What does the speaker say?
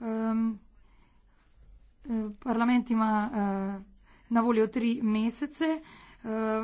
Um, parlament ima uh, na voljo tri mesece. Uh,